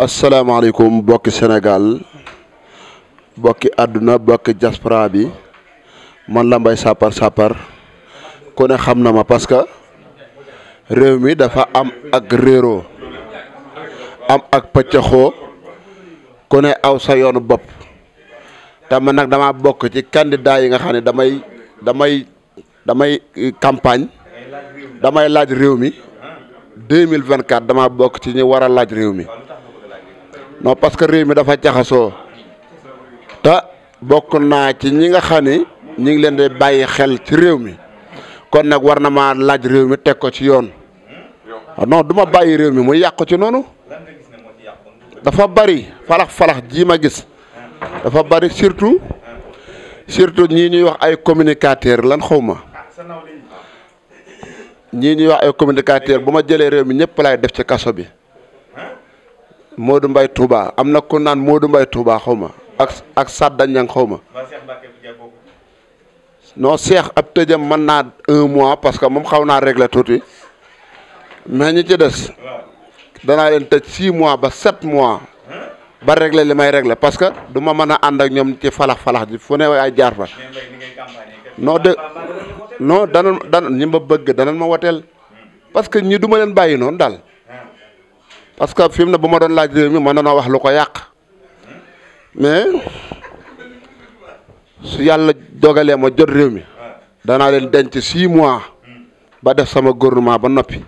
asalaamaaleykum bokki Sénégal bokki àdduna bokki diaspora bi man la Mbaye Sapar Sapar kone xam na ma parce que réew mi dafa am ak réero am ak pëccëxoo kone aw sa yoonu bopp te man nag dama bokk ci candidat yi nga xam ne damay damay damay campagne damay laaj réew mi deux 2024 dama bokk ci ñi war laaj réew mi non parce que réew mi dafa jaxasoo te bokk naa ci ñi nga xam ni ñi ngi leen di bàyyi xel ci réew mi kon nag war na maa laaj réew mi teg ko ci yoon ah, non duma bàyyi réew mi mu yàqu ci noonu dafa bari falax falax jii ma gis dafa bari surtout surtout ñii ñuy wax ay communicateur lan xaw ma ñii ñuy wax ay communicateur bu ma jëlee réew mi ñëpp laay def ci kaso bi. moo Modou Mbaye Touba am na ku naan moo Mbaye Touba xaw ma ak ak Sadda Ñang xaw ma non ab tëjam man naa un mois parce que moom xaw naa régler tuuti mais ñi ci des danaa leen tëj six mois ba sept mois ba régler li may régler parce que du ma mën a ànd ak ñoom ci falax-falax ji fu ne ay jaar fa non de non danan danan ñi ma bëgg danan ma woteel hmm. parce que ñi duma leen bàyyi noonu daal parce que fi mu ne bu ma doon laaj réew mi mën na a wax lu ko yàq mais yàlla dogalee ma jot réew mi danaa leen denc six mois ba def sama gouvernement ba noppi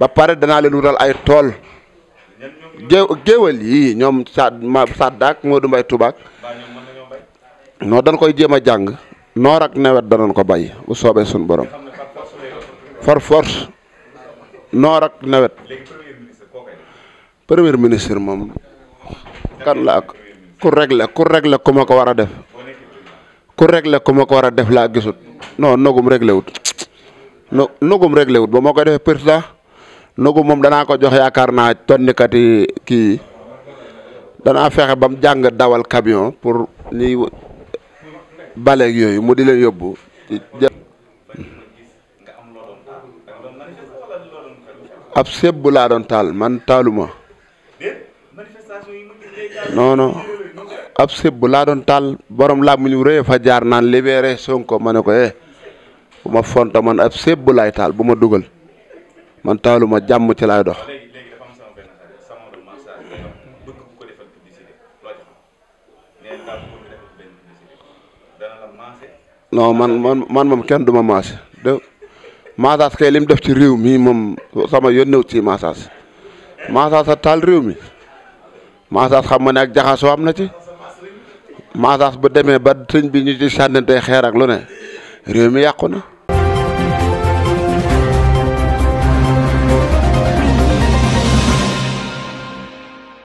ba pare danaa leen wutal ay tool géw géwal yi ñoom Saad ma Saddaak Modou Mbaye Toubac noo dañ koy jéem a jàng noorak ak nawet danañ ko bay bu soobee suñu borom for force noor nawet premier ministre moom kan la ak ku régler ku régler ku ko war a def ku regle ku ma ko war a def laa gisut non nogum régler wut no nogum régler wut ba moo koy defee président nogum moom danaa ko jox yaakaar naa tonnikat yi kii danaa fexe ba mu jàng dawal camion pour ñuy baleeg yooyu mu di leen yóbbu. ab sëb bu laa doon taal man taaluma non ab sëb bu laa doon taal borom laa mu ñu fa jaar naan libeere Sonko ma ne ko eh ma fonto man ab sëb bu laay taal bu ma dugal man taaluma jàmm ci laay dox. non man man man moom kenn du ma maase de maasaas def ci réew mi moom sama yónneew ci maasaas maasaas a taal réew mi. maasaas xam nga ne ak jaxasoo am na ci maasaas bu demee ba sëñ bi ñu ci sànnante xeer ak lu ne réew mi yàqu na.